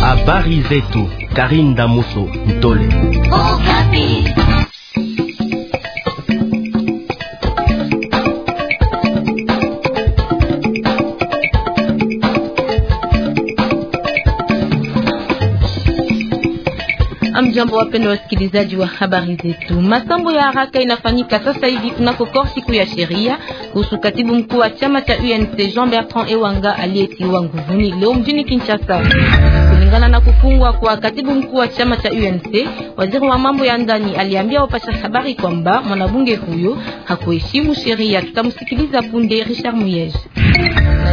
Habari zetu Karinda Muso Mtole. Hamjambo, wapendwa wasikilizaji wa habari zetu. Masambo ya haraka inafanyika sasa hivi kunako kor siku ya sheria kuhusu katibu mkuu wa chama cha UNC Jean Bertrand Ewanga aliyetiwa nguvuni leo mjini Kinshasa kulingana na kufungwa kwa katibu mkuu wa chama cha UNC. Waziri wa mambo ya ndani aliambia wapasha habari kwamba mwanabunge huyo hakuheshimu sheria. Tutamsikiliza punde Richard muyege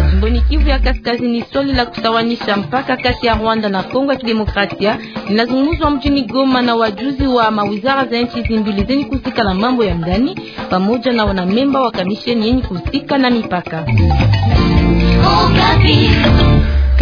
Jimboni Kivu ya Kaskazini, swali la kusawanisha mpaka kati ya Rwanda na Kongo ya Kidemokrasia linazungumzwa mjini Goma na wajuzi wa mawizara za nchi hizi mbili zenye kuhusika na mambo ya ndani pamoja na wanamemba wa kamisheni yenye kuhusika na mipaka.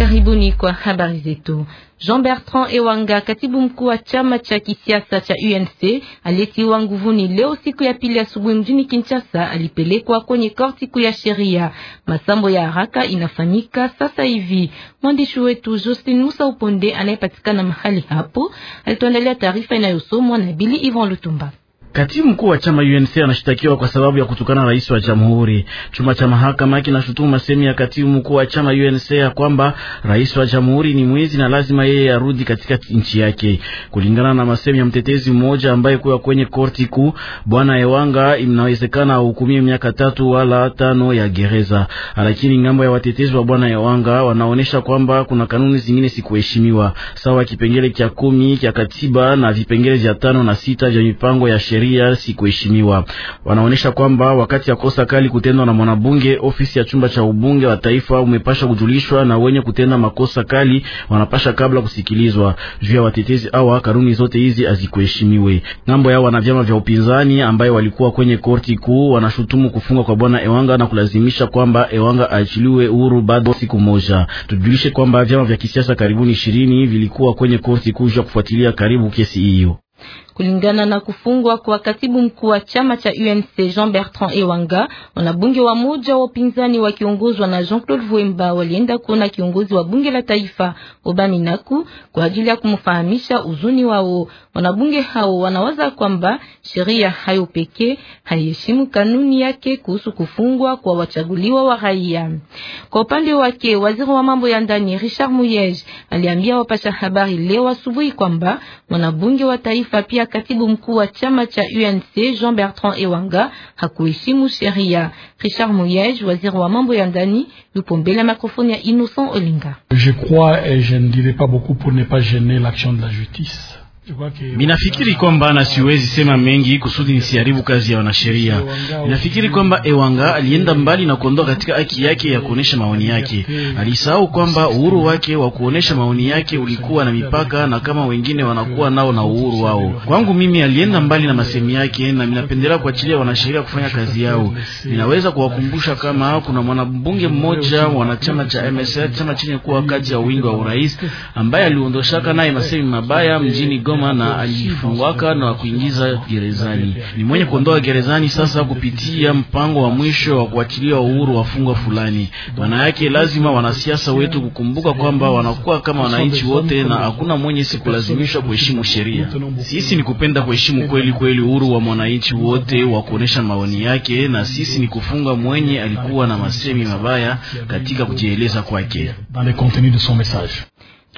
Karibuni kwa habari zetu. Jean-Bertrand Ewanga, katibu mkuu wa chama cha kisiasa cha UNC aliyetiwa nguvuni leo siku ya pili asubuhi mjini Kinshasa, alipelekwa kwenye korti kuu ya sheria. Masambo ya haraka inafanyika sasa hivi. Mwandishi wetu Justin Musa Uponde anayepatikana mahali hapo alituandalia taarifa inayosomwa na Bili Ivan Lutumba. Katibu mkuu wa chama UNC anashitakiwa kwa sababu ya kutukana rais wa jamhuri. Chuma cha mahakama kinashutuma sehemu ya katibu mkuu wa chama UNC ya kwamba rais wa jamhuri ni mwizi na lazima yeye arudi katika nchi yake, kulingana na masemi ya mtetezi mmoja ambaye kuwa kwenye korti kuu. Bwana Ewanga inawezekana ahukumiwe miaka tatu wala tano ya gereza, lakini ngambo ya watetezi wa bwana Ewanga wanaonesha kwamba kuna kanuni zingine sikuheshimiwa, sawa kipengele cha kumi cha katiba na vipengele vya tano na sita vya mipango ya sheria sheria si kuheshimiwa. Wanaonyesha kwamba wakati ya kosa kali kutendwa na mwanabunge, ofisi ya chumba cha ubunge wa taifa umepasha kujulishwa, na wenye kutenda makosa kali wanapasha kabla kusikilizwa. Juu ya watetezi awa kanuni zote hizi hazikuheshimiwe. Ngambo yao, wana vyama vya upinzani ambaye walikuwa kwenye korti kuu wanashutumu kufungwa kwa bwana Ewanga na kulazimisha kwamba Ewanga aachiliwe huru bado siku moja. Tujulishe kwamba vyama vya kisiasa karibuni ishirini vilikuwa kwenye korti kuu ya kufuatilia karibu kesi hiyo. Kulingana na kufungwa kwa katibu mkuu wa chama cha UNC Jean Bertrand Ewanga, wanabunge wa moja wa upinzani wakiongozwa na Jean-Claude Vuemba walienda kuona kiongozi wa bunge la taifa Obaminaku kwa ajili ya kumfahamisha uzuni wao. Wanabunge hao wanawaza kwamba sheria hayo pekee haiheshimu kanuni yake kuhusu kufungwa kwa wachaguliwa wa raia. Kwa upande wake, waziri wa mambo ya ndani Richard Muyege aliambia wapasha habari leo asubuhi kwamba mwanabunge wa taifa pia katibu mkuu wa chama cha UNC Jean Bertrand Ewanga hakuheshimu sheria. Richard Muyej, waziri wa mambo ya ndani, yupo mbele ya mikrofoni ya Innocent Olinga. Je crois et je ne dirai pas beaucoup pour ne pas gêner l'action de la justice. Minafikiri kwamba na siwezi sema mengi kusudi nisiharibu kazi ya wanasheria. Minafikiri kwamba Ewanga alienda mbali na kuondoa katika haki yake ya kuonesha maoni yake. Alisahau kwamba uhuru wake wa kuonesha maoni yake ulikuwa na mipaka, na kama wengine wanakuwa nao na uhuru wao. Kwangu mimi, alienda mbali na masemi yake, na minapendelea kuachilia wanasheria kufanya kazi yao. Ninaweza kuwakumbusha kama kuna mwanabunge mmoja wanachama cha MSR, chama chenye kuwa kati ya wingi wa urais, ambaye aliondoshaka naye masemi mabaya mjini Goma usalama na alifungwaka na kuingiza gerezani. Ni mwenye kuondoa gerezani sasa kupitia mpango wa mwisho wa kuachilia uhuru wafungwa fulani. Maana yake lazima wanasiasa wetu kukumbuka kwamba wanakuwa kama wananchi wote na hakuna mwenye si kulazimishwa kuheshimu sheria. Sisi ni kupenda kuheshimu kweli kweli uhuru wa mwananchi wote wa kuonesha maoni yake, na sisi ni kufunga mwenye alikuwa na masemi mabaya katika kujieleza kwake.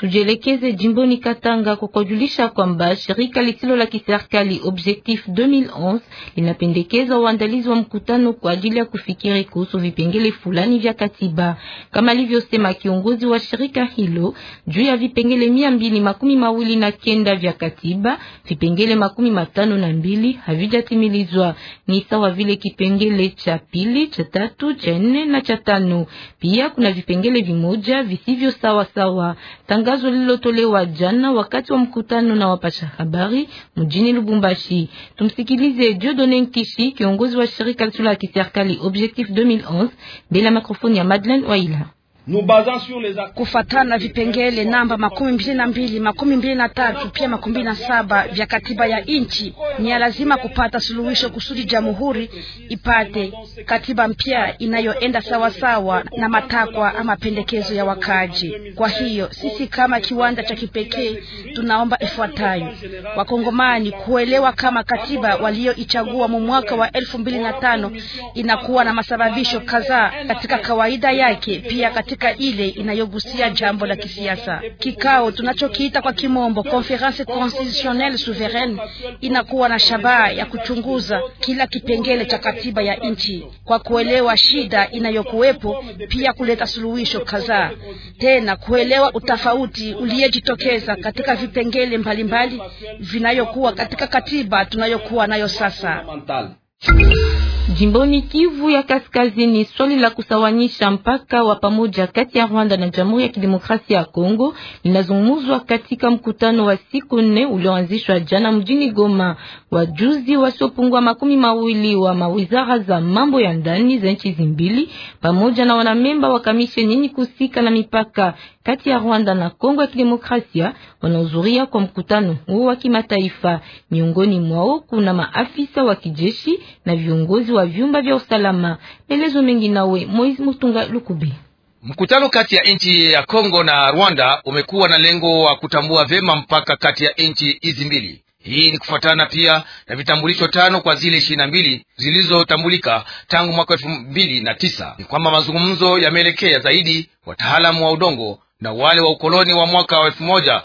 Tujielekeze jimboni Katanga kwa kukujulisha kwamba shirika lisilo la kiserikali Objectif 2011 linapendekeza uandalizi wa mkutano kwa ajili ya kufikiri kuhusu vipengele fulani vya katiba, kama alivyosema kiongozi wa shirika hilo juu ya vipengele mia mbili makumi mawili na kenda vya katiba. Vipengele makumi matano na mbili havijatimilizwa, ni sawa vile kipengele cha pili, cha tatu, cha nne na cha tano. Pia kuna vipengele vimoja visivyo sawa sawa Tanga tangazo lililotolewa jana wakati wa mkutano na wapasha habari mjini Lubumbashi. Tumsikilize Dieudonne Nkishi, kiongozi wa shirika lisilo la kiserikali Objectif 2011 bila mikrofoni ya Madeleine Waila kufatana na vipengele namba makumi mbili na mbili makumi mbili na tatu pia makumi mbili na saba vya katiba ya nchi, ni ya lazima kupata suluhisho kusudi jamhuri ipate katiba mpya inayoenda sawasawa na matakwa ama pendekezo ya wakaji. Kwa hiyo sisi kama kiwanda cha kipekee tunaomba ifuatayo: wakongomani kuelewa kama katiba walioichagua mu mwaka wa elfu mbili na tano inakuwa na masababisho kadhaa katika kawaida yake, pia katika katika ile inayogusia jambo la kisiasa. Kikao tunachokiita kwa kimombo Conference Constitutionnelle Souveraine inakuwa na shabaha ya kuchunguza kila kipengele cha katiba ya nchi kwa kuelewa shida inayokuwepo, pia kuleta suluhisho kadhaa, tena kuelewa utofauti uliyejitokeza katika vipengele mbalimbali vinayokuwa katika katiba tunayokuwa nayo sasa. Jimboni Kivu ya Kaskazini, swali la kusawanisha mpaka wa pamoja kati ya Rwanda na Jamhuri ya Kidemokrasia ya Kongo linazungumzwa katika mkutano wa siku nne ulioanzishwa jana mjini Goma. Wajuzi wasiopungua makumi mawili wa mawizara za mambo ya ndani za nchi zimbili pamoja na wanamemba wa kamisheni yenye kusika na mipaka kati ya Rwanda na Kongo ya Kidemokrasia wanahudhuria kwa mkutano huo wa kimataifa. Miongoni mwao kuna maafisa wa kijeshi na viongozi wa vyumba vya usalama. Maelezo mengi nawe Moise Mutunga Lukube. Mkutano kati ya nchi ya Kongo na Rwanda umekuwa na lengo wa kutambua vyema mpaka kati ya nchi hizi mbili. Hii ni kufuatana pia na vitambulisho tano kwa zile ishirini na mbili zilizotambulika tangu mwaka elfu mbili na tisa. Ni kwamba mazungumzo yameelekea zaidi wataalamu wa udongo na wale wa ukoloni wa mwaka wa elfu moja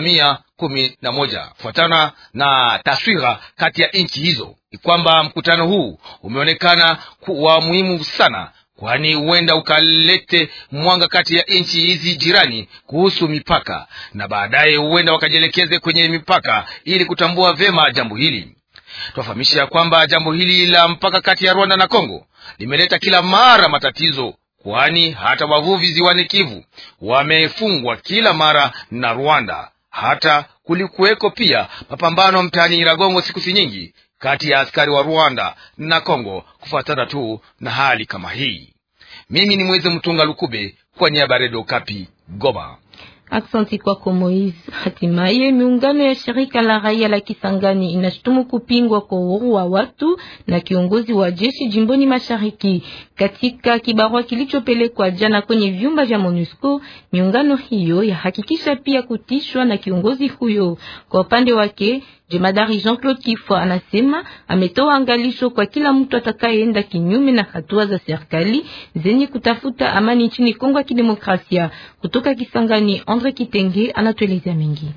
mia kumi na moja kufuatana na taswira kati ya nchi hizo. Ni kwamba mkutano huu umeonekana kuwa muhimu sana, kwani huenda ukalete mwanga kati ya nchi hizi jirani kuhusu mipaka, na baadaye huenda wakajielekeze kwenye mipaka ili kutambua vyema jambo hili. Twafahamisha ya kwamba jambo hili la mpaka kati ya Rwanda na congo limeleta kila mara matatizo kwani hata wavuvi ziwani Kivu wamefungwa kila mara na Rwanda. Hata kulikuweko pia mapambano mtaani iragongo siku si nyingi kati ya askari wa Rwanda na Kongo kufuatana tu na hali kama hii. Mimi ni Mweze Mtunga Lukube kwa niaba ya Redio Kapi Goma. Aksanti kwako Moise. Hatimaye miungano ya shirika la raia la Kisangani inashutumu kupingwa kwa uhuru wa watu na kiongozi wa jeshi jimboni mashariki. Katika kibarua kilichopelekwa jana kwenye vyumba vya MONUSCO, miungano hiyo yahakikisha pia kutishwa na kiongozi huyo. Kwa upande wake Jemadari Jean-Claude Kifwa anasema ametoa angalisho kwa kila mtu atakayeenda kinyume na hatua za serikali zenye kutafuta amani nchini Kongo ya Kidemokrasia. Kutoka Kisangani, Andre Kitenge anatueleza mengi.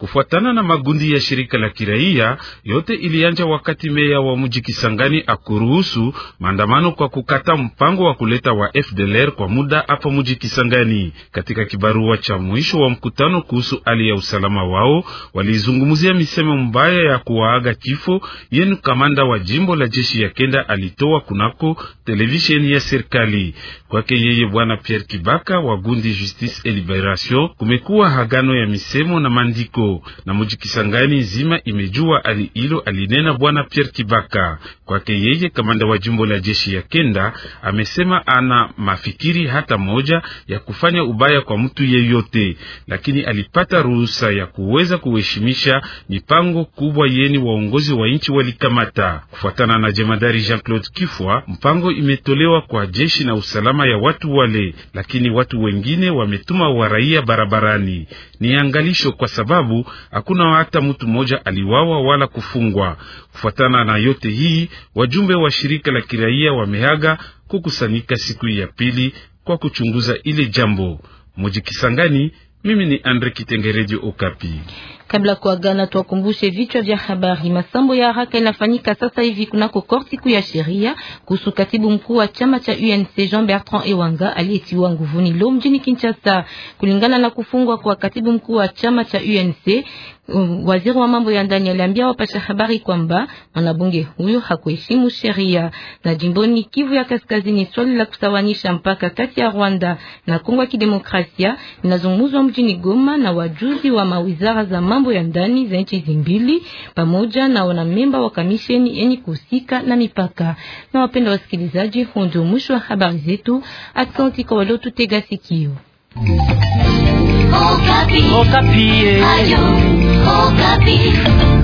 Kufuatana na magundi ya shirika la kiraia, yote ilianja wakati meya wa mji Kisangani akuruhusu maandamano kwa kukata mpango wa kuleta wa FDLR kwa muda hapa mji Kisangani. Katika kibarua cha mwisho wa mkutano kuhusu hali ya usalama wao, walizungumzia misemo mbaya ya kuwaaga kifo yenu kamanda wa jimbo la jeshi ya kenda alitoa kunako televisheni ya serikali. Kwake yeye bwana Pierre Kibaka wa gundi Justice et Liberation, kumekuwa hagano ya misemo na maandiko na muji Kisangani nzima imejua hali hilo, alinena bwana Pierre Kibaka. Kwake yeye, kamanda wa jimbo la jeshi ya kenda amesema ana mafikiri hata moja ya kufanya ubaya kwa mtu yeyote, lakini alipata ruhusa ya kuweza kuheshimisha mipango kubwa yeni waongozi wa nchi walikamata. Kufuatana na jemadari Jean-Claude Kifwa, mpango imetolewa kwa jeshi na usalama ya watu wale, lakini watu wengine wametuma wa raia barabarani. Ni angalisho kwa sababu hakuna hata mtu mmoja aliwawa wala kufungwa. Kufuatana na yote hii, wajumbe wa shirika la kiraia wameaga kukusanyika siku ya pili kwa kuchunguza ile jambo. Mujikisangani, mimi ni Andre Kitengereje, Okapi. Kabla kwa kuagana, tuwakumbushe vichwa vya habari. Masambo ya haraka inafanyika sasa hivi kunako korti kuu ya sheria kuhusu katibu mkuu wa chama cha UNC Jean Bertrand Ewanga aliyetiwa nguvuni leo mjini Kinshasa, kulingana na kufungwa kwa katibu mkuu wa chama cha UNC. Um, waziri wa mambo ya ndani aliambia wapasha habari kwamba mwanabunge huyo hakuheshimu sheria. Na jimboni Kivu ya Kaskazini, swali la kusawanisha mpaka kati ya Rwanda na Kongo ya Kidemokrasia linazungumzwa mjini Goma na wajuzi wa mawizara za mambo mambo ya ndani za nchi hizi mbili pamoja na wanamemba wa kamisheni yenye kuhusika na mipaka. Na wapenda wasikilizaji, huo ndio mwisho wa habari zetu. Asante kwa waliotutega sikio. Okapi. Okapi. Ayo. Okapi.